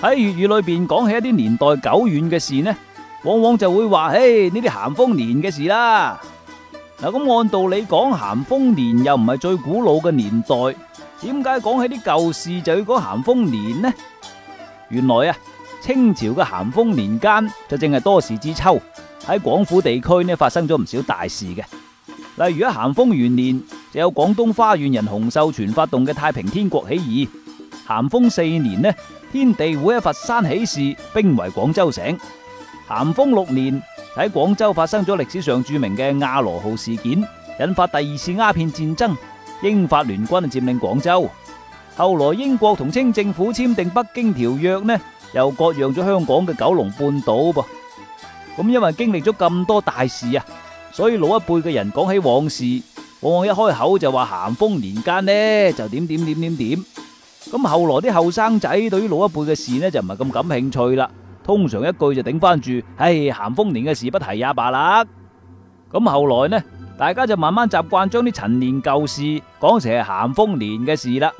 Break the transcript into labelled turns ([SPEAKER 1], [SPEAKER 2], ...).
[SPEAKER 1] 喺粵語裏邊講起一啲年代久遠嘅事呢，往往就會話，誒，呢啲咸豐年嘅事啦。嗱、嗯，咁按道理講咸豐年又唔係最古老嘅年代，點解講起啲舊事就要講咸豐年呢？原來啊，清朝嘅咸豐年間就正係多事之秋，喺廣府地區呢發生咗唔少大事嘅。例如喺咸豐元年，就有廣東花縣人洪秀全發動嘅太平天國起義。咸豐四年呢，天地會喺佛山起事，兵圍廣州城。咸豐六年，喺廣州發生咗歷史上著名嘅亞羅號事件，引發第二次鴉片戰爭，英法聯軍佔領廣州。後來英國同清政府簽訂《北京條約》呢，又割讓咗香港嘅九龍半島噃。咁因為經歷咗咁多大事啊，所以老一輩嘅人講起往事，往往一開口就話咸豐年間呢就點點點點點。咁後來啲後生仔對於老一輩嘅事呢就唔係咁感興趣啦，通常一句就頂翻住，唉、哎、咸豐年嘅事不提也罷啦。咁後來呢，大家就慢慢習慣將啲陳年舊事講成係咸豐年嘅事啦。